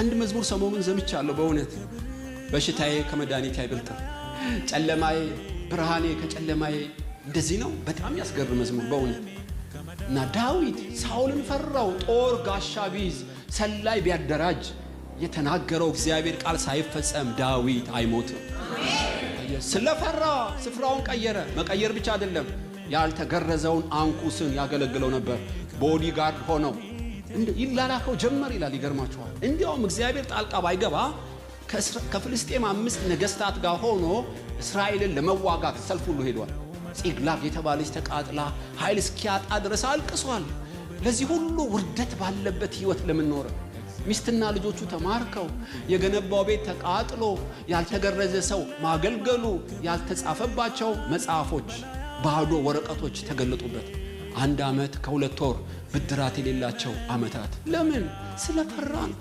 አንድ መዝሙር ሰሞኑን ዘምቻለሁ። በእውነት በሽታዬ ከመድኃኒቴ አይበልጥም፣ ጨለማዬ ብርሃኔ ከጨለማዬ እንደዚህ ነው። በጣም ያስገርም መዝሙር በእውነት እና ዳዊት ሳውልን ፈራው። ጦር ጋሻ ቢይዝ ሰላይ ቢያደራጅ የተናገረው እግዚአብሔር ቃል ሳይፈጸም ዳዊት አይሞትም። ስለፈራ ስፍራውን ቀየረ። መቀየር ብቻ አይደለም፣ ያልተገረዘውን አንኩስን ያገለግለው ነበር። ቦዲ ጋርድ ሆነው ይላላከው ጀመር ይላል። ይገርማችኋል። እንዲያውም እግዚአብሔር ጣልቃ ባይገባ ከፍልስጤም አምስት ነገስታት ጋር ሆኖ እስራኤልን ለመዋጋት ሰልፍ ሁሉ ሄዷል። ጺግላግ የተባለች ተቃጥላ ኃይል እስኪያጣ ድረስ አልቅሷል። ለዚህ ሁሉ ውርደት ባለበት ህይወት ለምንኖረ ሚስትና ልጆቹ ተማርከው የገነባው ቤት ተቃጥሎ ያልተገረዘ ሰው ማገልገሉ ያልተጻፈባቸው መጽሐፎች ባዶ ወረቀቶች ተገለጡበት። አንድ ዓመት ከሁለት ወር ብድራት የሌላቸው ዓመታት ለምን? ስለፈራን።